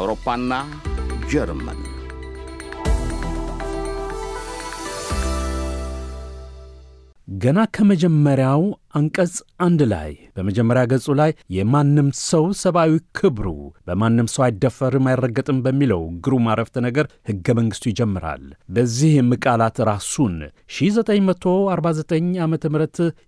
አውሮፓና ጀርመን ገና ከመጀመሪያው አንቀጽ አንድ ላይ በመጀመሪያ ገጹ ላይ የማንም ሰው ሰብአዊ ክብሩ በማንም ሰው አይደፈርም አይረገጥም በሚለው ግሩም አረፍተ ነገር ሕገ መንግሥቱ ይጀምራል። በዚህም ቃላት ራሱን 1949 ዓ ም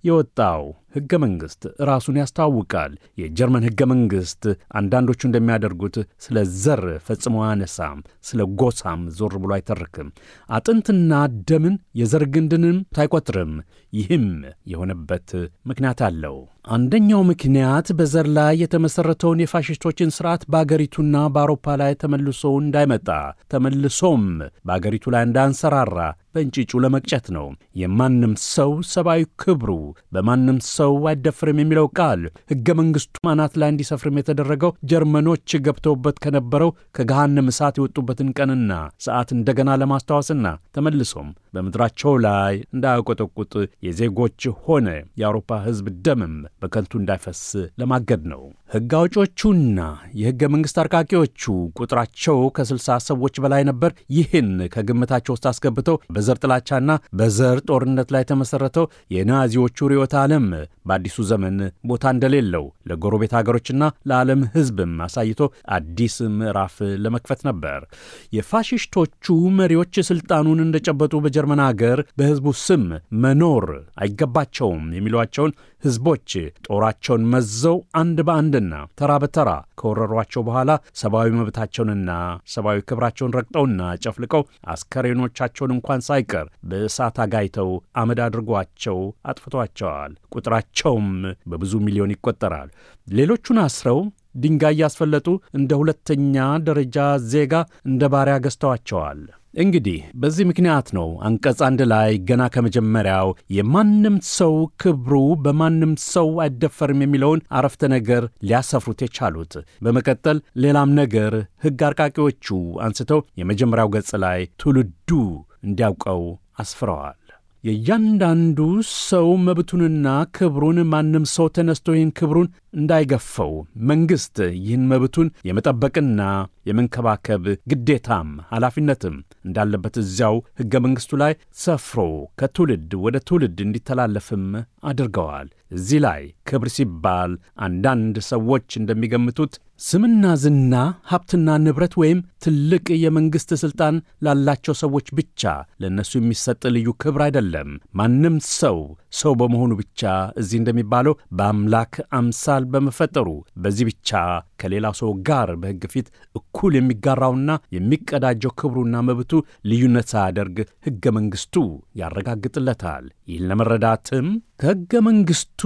የወጣው ሕገ መንግሥት ራሱን ያስታውቃል። የጀርመን ሕገ መንግሥት አንዳንዶቹ እንደሚያደርጉት ስለ ዘር ፈጽሞ አያነሳም፣ ስለ ጎሳም ዞር ብሎ አይተርክም። አጥንትና ደምን የዘር ግንድንም አይቆጥርም። ይህም የሆነበት ምክንያት አለው። አንደኛው ምክንያት በዘር ላይ የተመሠረተውን የፋሽስቶችን ሥርዓት በአገሪቱና በአውሮፓ ላይ ተመልሶ እንዳይመጣ ተመልሶም በአገሪቱ ላይ እንዳንሰራራ በእንጭጩ ለመቅጨት ነው። የማንም ሰው ሰብአዊ ክብሩ በማንም ሰው አይደፍርም የሚለው ቃል ሕገ መንግሥቱ አናት ላይ እንዲሰፍርም የተደረገው ጀርመኖች ገብተውበት ከነበረው ከገሃነም እሳት የወጡበትን ቀንና ሰዓት እንደገና ለማስታወስና ተመልሶም በምድራቸው ላይ እንዳያቆጠቁጥ የዜጎች ሆነ የአውሮፓ ሕዝብ ደምም በከንቱ እንዳይፈስ ለማገድ ነው። ሕግ አውጮቹና የሕገ መንግሥት አርቃቂዎቹ ቁጥራቸው ከስልሳ ሰዎች በላይ ነበር። ይህን ከግምታቸው ውስጥ አስገብተው በዘር ጥላቻና በዘር ጦርነት ላይ ተመሠረተው የናዚዎቹ ርዕዮተ ዓለም በአዲሱ ዘመን ቦታ እንደሌለው ለጎረቤት አገሮችና ለዓለም ሕዝብም አሳይቶ አዲስ ምዕራፍ ለመክፈት ነበር። የፋሽስቶቹ መሪዎች ሥልጣኑን እንደጨበጡ በጀ በጀርመን አገር በሕዝቡ ስም መኖር አይገባቸውም የሚሏቸውን ሕዝቦች ጦራቸውን መዘው አንድ በአንድና ተራ በተራ ከወረሯቸው በኋላ ሰብአዊ መብታቸውንና ሰብአዊ ክብራቸውን ረግጠውና ጨፍልቀው አስከሬኖቻቸውን እንኳን ሳይቀር በእሳት አጋይተው አመድ አድርጓቸው አጥፍቷቸዋል። ቁጥራቸውም በብዙ ሚሊዮን ይቆጠራል። ሌሎቹን አስረው ድንጋይ ያስፈለጡ እንደ ሁለተኛ ደረጃ ዜጋ እንደ ባሪያ ገዝተዋቸዋል። እንግዲህ በዚህ ምክንያት ነው አንቀጽ አንድ ላይ ገና ከመጀመሪያው የማንም ሰው ክብሩ በማንም ሰው አይደፈርም የሚለውን አረፍተ ነገር ሊያሰፍሩት የቻሉት። በመቀጠል ሌላም ነገር ሕግ አርቃቂዎቹ አንስተው የመጀመሪያው ገጽ ላይ ትውልዱ እንዲያውቀው አስፍረዋል። የእያንዳንዱ ሰው መብቱንና ክብሩን ማንም ሰው ተነስቶ ይህን ክብሩን እንዳይገፈው መንግሥት ይህን መብቱን የመጠበቅና የመንከባከብ ግዴታም ኃላፊነትም እንዳለበት እዚያው ሕገ መንግሥቱ ላይ ሰፍሮ ከትውልድ ወደ ትውልድ እንዲተላለፍም አድርገዋል። እዚህ ላይ ክብር ሲባል አንዳንድ ሰዎች እንደሚገምቱት ስምና ዝና፣ ሀብትና ንብረት ወይም ትልቅ የመንግሥት ሥልጣን ላላቸው ሰዎች ብቻ ለእነሱ የሚሰጥ ልዩ ክብር አይደለም። ማንም ሰው ሰው በመሆኑ ብቻ እዚህ እንደሚባለው በአምላክ አምሳል በመፈጠሩ በዚህ ብቻ ከሌላ ሰው ጋር በሕግ ፊት እኩል የሚጋራውና የሚቀዳጀው ክብሩና መብቱ ልዩነት ሳያደርግ ሕገ መንግሥቱ ያረጋግጥለታል። ይህን ለመረዳትም ከሕገ መንግሥቱ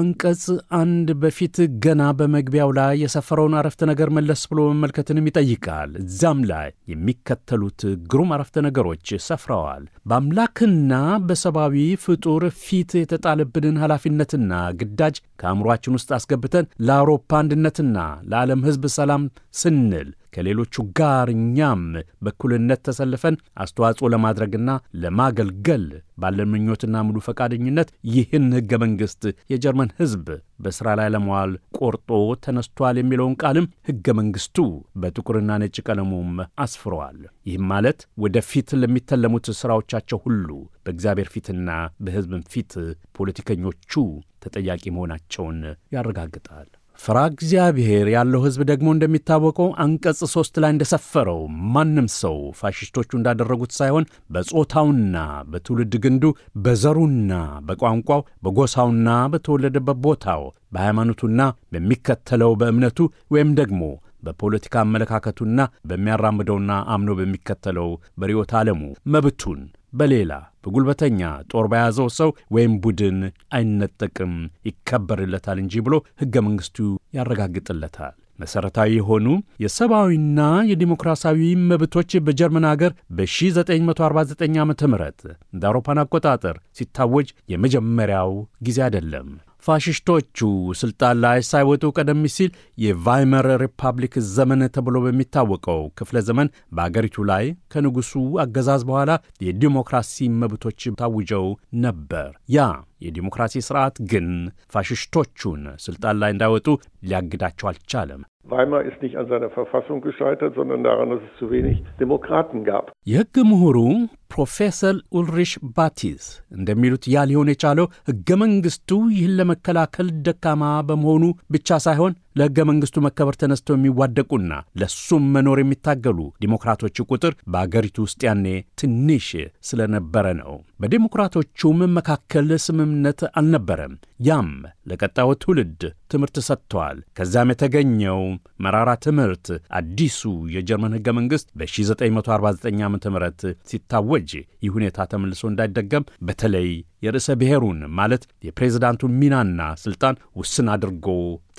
አንቀጽ አንድ በፊት ገና በመግቢያው ላይ የሰፈረውን አረፍተ ነገር መለስ ብሎ መመልከትንም ይጠይቃል። እዚያም ላይ የሚከተሉት ግሩም አረፍተ ነገሮች ሰፍረዋል። በአምላክና በሰብአዊ ፍጡር ፊት የተጣለብንን ኃላፊነትና ግዳጅ ከአእምሯችን ውስጥ አስገብተን ለአውሮፓ አንድነትና ለዓለም ሕዝብ ሰላም ስንል ከሌሎቹ ጋር እኛም በኩልነት ተሰልፈን አስተዋጽኦ ለማድረግና ለማገልገል ባለን ምኞትና ሙሉ ፈቃደኝነት ይህን ሕገ መንግሥት የጀርመን ሕዝብ በሥራ ላይ ለመዋል ቆርጦ ተነስቷል የሚለውን ቃልም ሕገ መንግሥቱ በጥቁርና ነጭ ቀለሙም አስፍረዋል። ይህም ማለት ወደፊት ለሚተለሙት ሥራዎቻቸው ሁሉ በእግዚአብሔር ፊትና በሕዝብም ፊት ፖለቲከኞቹ ተጠያቂ መሆናቸውን ያረጋግጣል። ፈራ እግዚአብሔር ያለው ሕዝብ ደግሞ እንደሚታወቀው አንቀጽ ሦስት ላይ እንደሰፈረው ማንም ሰው ፋሽስቶቹ እንዳደረጉት ሳይሆን በጾታውና በትውልድ ግንዱ፣ በዘሩና በቋንቋው፣ በጎሳውና በተወለደበት ቦታው፣ በሃይማኖቱና በሚከተለው በእምነቱ ወይም ደግሞ በፖለቲካ አመለካከቱና በሚያራምደውና አምኖ በሚከተለው በርዕዮተ ዓለሙ መብቱን በሌላ በጉልበተኛ ጦር በያዘው ሰው ወይም ቡድን አይነጠቅም፣ ይከበርለታል እንጂ ብሎ ሕገ መንግሥቱ ያረጋግጥለታል። መሠረታዊ የሆኑ የሰብአዊና የዲሞክራሲያዊ መብቶች በጀርመን አገር በ1949 ዓ ም እንደ አውሮፓን አቆጣጠር ሲታወጅ የመጀመሪያው ጊዜ አይደለም። ፋሽስቶቹ ስልጣን ላይ ሳይወጡ ቀደም ሲል የቫይመር ሪፐብሊክ ዘመን ተብሎ በሚታወቀው ክፍለ ዘመን በአገሪቱ ላይ ከንጉሡ አገዛዝ በኋላ የዲሞክራሲ መብቶች ታውጀው ነበር። ያ የዲሞክራሲ ስርዓት ግን ፋሽስቶቹን ስልጣን ላይ እንዳይወጡ ሊያግዳቸው አልቻለም። ዋይማር ist nicht an seiner Verfassung gescheitert, sondern daran, dass es zu wenig Demokraten gab. የህግ ምሁሩ ፕሮፌሰር ኡልሪሽ ባቲስ እንደሚሉት ያ ሊሆን የቻለው ህገ መንግስቱ ይህን ለመከላከል ደካማ በመሆኑ ብቻ ሳይሆን ለሕገ መንግሥቱ መከበር ተነስተው የሚዋደቁና ለሱም መኖር የሚታገሉ ዲሞክራቶች ቁጥር በአገሪቱ ውስጥ ያኔ ትንሽ ስለነበረ ነው። በዲሞክራቶቹም መካከል ስምምነት አልነበረም። ያም ለቀጣዩ ትውልድ ትምህርት ሰጥተዋል። ከዚያም የተገኘው መራራ ትምህርት አዲሱ የጀርመን ሕገ መንግሥት በ1949 ዓ ም ሲታወጅ ይህ ሁኔታ ተመልሶ እንዳይደገም በተለይ የርዕሰ ብሔሩን ማለት የፕሬዚዳንቱን ሚናና ስልጣን ውስን አድርጎ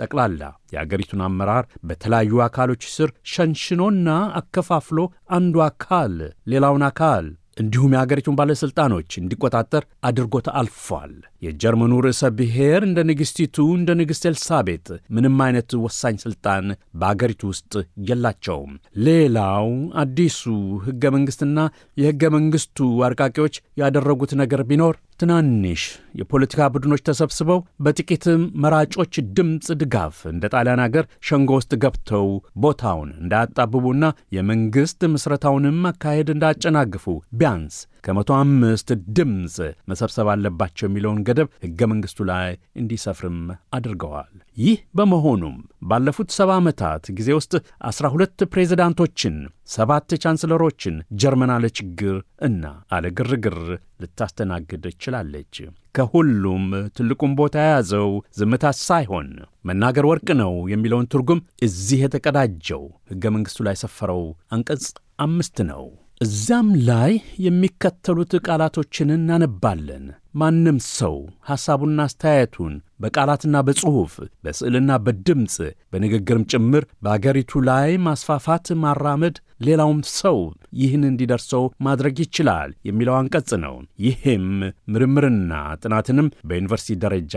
ጠቅላላ የአገሪቱን አመራር በተለያዩ አካሎች ስር ሸንሽኖና አከፋፍሎ አንዱ አካል ሌላውን አካል እንዲሁም የአገሪቱን ባለሥልጣኖች እንዲቆጣጠር አድርጎት አልፏል። የጀርመኑ ርዕሰ ብሔር እንደ ንግሥቲቱ እንደ ንግሥት ኤልሳቤጥ ምንም አይነት ወሳኝ ሥልጣን በአገሪቱ ውስጥ የላቸውም። ሌላው አዲሱ ሕገ መንግሥትና የሕገ መንግሥቱ አርቃቂዎች ያደረጉት ነገር ቢኖር ትናንሽ የፖለቲካ ቡድኖች ተሰብስበው በጥቂት መራጮች ድምፅ ድጋፍ እንደ ጣሊያን አገር ሸንጎ ውስጥ ገብተው ቦታውን እንዳያጣብቡና የመንግሥት ምስረታውንም አካሄድ እንዳጨናግፉ ቢያንስ ከመቶ አምስት ድምፅ መሰብሰብ አለባቸው የሚለውን ገደብ ሕገ መንግሥቱ ላይ እንዲሰፍርም አድርገዋል። ይህ በመሆኑም ባለፉት ሰባ ዓመታት ጊዜ ውስጥ አስራ ሁለት ፕሬዚዳንቶችን፣ ሰባት ቻንስለሮችን ጀርመን አለ ችግር እና አለ ግርግር ልታስተናግድ ችላለች። ከሁሉም ትልቁም ቦታ የያዘው ዝምታ ሳይሆን መናገር ወርቅ ነው የሚለውን ትርጉም እዚህ የተቀዳጀው ሕገ መንግሥቱ ላይ ሰፈረው አንቀጽ አምስት ነው። እዚያም ላይ የሚከተሉት ቃላቶችን እናነባለን። ማንም ሰው ሐሳቡና አስተያየቱን በቃላትና በጽሑፍ በስዕልና በድምፅ በንግግርም ጭምር በአገሪቱ ላይ ማስፋፋት ማራመድ፣ ሌላውም ሰው ይህን እንዲደርሰው ማድረግ ይችላል የሚለው አንቀጽ ነው። ይህም ምርምርና ጥናትንም በዩኒቨርሲቲ ደረጃ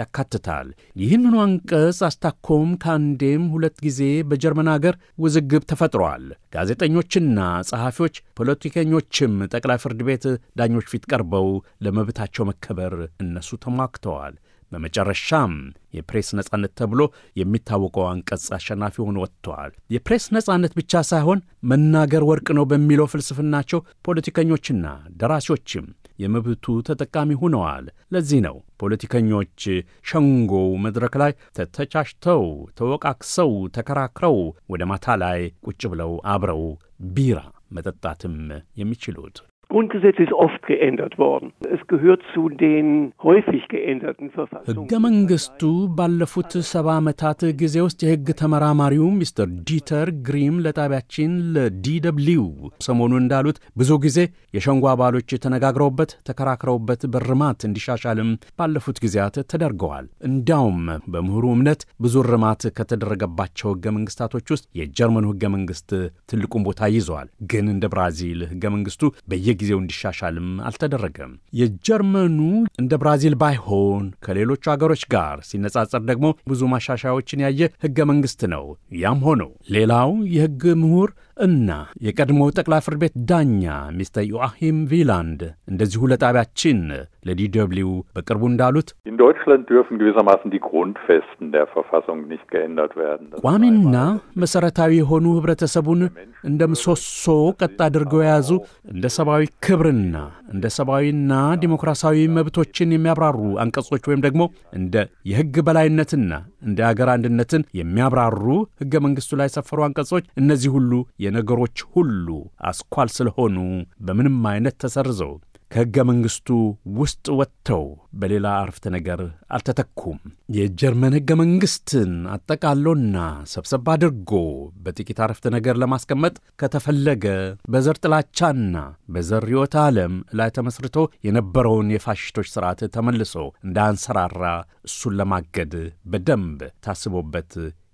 ያካትታል። ይህንኑ አንቀጽ አስታኮም ከአንዴም ሁለት ጊዜ በጀርመን አገር ውዝግብ ተፈጥሯል። ጋዜጠኞችና ጸሐፊዎች፣ ፖለቲከኞችም ጠቅላይ ፍርድ ቤት ዳኞች ፊት ቀርበው ለመብታቸው መከበር እነሱ ተሟግተዋል። በመጨረሻም የፕሬስ ነጻነት ተብሎ የሚታወቀው አንቀጽ አሸናፊ ሆኖ ወጥተዋል። የፕሬስ ነጻነት ብቻ ሳይሆን መናገር ወርቅ ነው በሚለው ፍልስፍናቸው ፖለቲከኞችና ደራሲዎችም የመብቱ ተጠቃሚ ሆነዋል። ለዚህ ነው ፖለቲከኞች ሸንጎው መድረክ ላይ ተተቻችተው፣ ተወቃክሰው፣ ተከራክረው ወደ ማታ ላይ ቁጭ ብለው አብረው ቢራ መጠጣትም የሚችሉት። Grundgesetz ist oft geändert worden. Es gehört zu den häufig geänderten Verfassungen. ሕገ መንግስቱ ባለፉት ሰባ ዓመታት ጊዜ ውስጥ የሕግ ተመራማሪው ሚስተር ዲተር ግሪም ለጣቢያችን ለዲደብሊው ሰሞኑን እንዳሉት ብዙ ጊዜ የሸንጎ አባሎች ተነጋግረውበት ተከራክረውበት በርማት እንዲሻሻልም ባለፉት ጊዜያት ተደርገዋል። እንዲያውም በምሁሩ እምነት ብዙ ርማት ከተደረገባቸው ሕገ መንግስታቶች ውስጥ የጀርመኑ ሕገ መንግስት ትልቁን ቦታ ይዘዋል። ግን እንደ ብራዚል ሕገ መንግስቱ በየ በየጊዜው እንዲሻሻልም አልተደረገም። የጀርመኑ እንደ ብራዚል ባይሆን ከሌሎቹ አገሮች ጋር ሲነጻጸር ደግሞ ብዙ ማሻሻያዎችን ያየ ህገ መንግስት ነው። ያም ሆነው ሌላው የህግ ምሁር እና የቀድሞው ጠቅላይ ፍርድ ቤት ዳኛ ሚስተር ዮአሂም ቪላንድ እንደዚሁ ለጣቢያችን ለዲ ደብልዩ በቅርቡ እንዳሉት ቋሚና መሠረታዊ የሆኑ ህብረተሰቡን እንደ ምሰሶ ቀጥ አድርገው የያዙ እንደ ሰብአዊ ክብርና እንደ ሰብአዊና ዲሞክራሲያዊ መብቶችን የሚያብራሩ አንቀጾች ወይም ደግሞ እንደ የሕግ በላይነትና እንደ አገር አንድነትን የሚያብራሩ ሕገ መንግሥቱ ላይ የሰፈሩ አንቀጾች እነዚህ ሁሉ የነገሮች ሁሉ አስኳል ስለሆኑ በምንም አይነት ተሰርዘው ከሕገ መንግሥቱ ውስጥ ወጥተው በሌላ አረፍተ ነገር አልተተኩም። የጀርመን ሕገ መንግሥትን አጠቃሎና ሰብሰብ አድርጎ በጥቂት አረፍተ ነገር ለማስቀመጥ ከተፈለገ በዘር ጥላቻና በዘር ርዕዮተ ዓለም ላይ ተመስርቶ የነበረውን የፋሽስቶች ሥርዓት ተመልሶ እንዳንሰራራ እሱን ለማገድ በደንብ ታስቦበት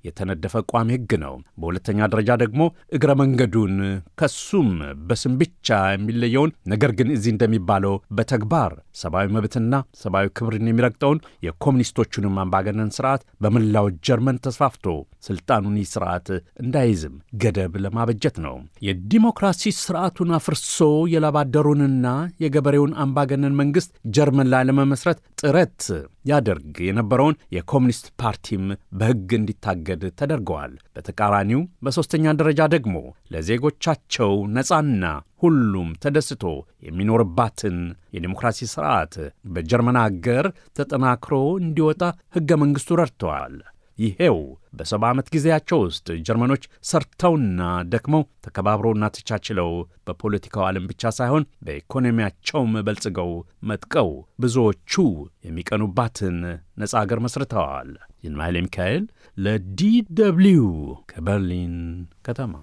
የተነደፈ ቋሚ ሕግ ነው። በሁለተኛ ደረጃ ደግሞ እግረ መንገዱን ከሱም በስም ብቻ የሚለየውን ነገር ግን እዚህ እንደሚባለው በተግባር ሰብአዊ መብትና ሰብአዊ ክብርን የሚረግጠውን የኮሚኒስቶቹንም አምባገነን ስርዓት በመላው ጀርመን ተስፋፍቶ ስልጣኑን ይህ ስርዓት እንዳይዝም ገደብ ለማበጀት ነው። የዲሞክራሲ ስርዓቱን አፍርሶ የላባደሩንና የገበሬውን አምባገነን መንግሥት ጀርመን ላይ ለመመስረት ጥረት ያደርግ የነበረውን የኮሚኒስት ፓርቲም በሕግ እንዲታገድ ተደርገዋል። በተቃራኒው በሦስተኛ ደረጃ ደግሞ ለዜጎቻቸው ነጻና ሁሉም ተደስቶ የሚኖርባትን የዲሞክራሲ ስርዓት በጀርመን አገር ተጠናክሮ እንዲወጣ ሕገ መንግሥቱ ረድተዋል። ይሄው በሰባ ዓመት ጊዜያቸው ውስጥ ጀርመኖች ሰርተውና ደክመው ተከባብረውና ተቻችለው በፖለቲካው ዓለም ብቻ ሳይሆን በኢኮኖሚያቸውም በልጽገው መጥቀው ብዙዎቹ የሚቀኑባትን ነፃ አገር መስርተዋል። ይንማይል ሚካኤል ለዲ ደብልዩ ከበርሊን ከተማ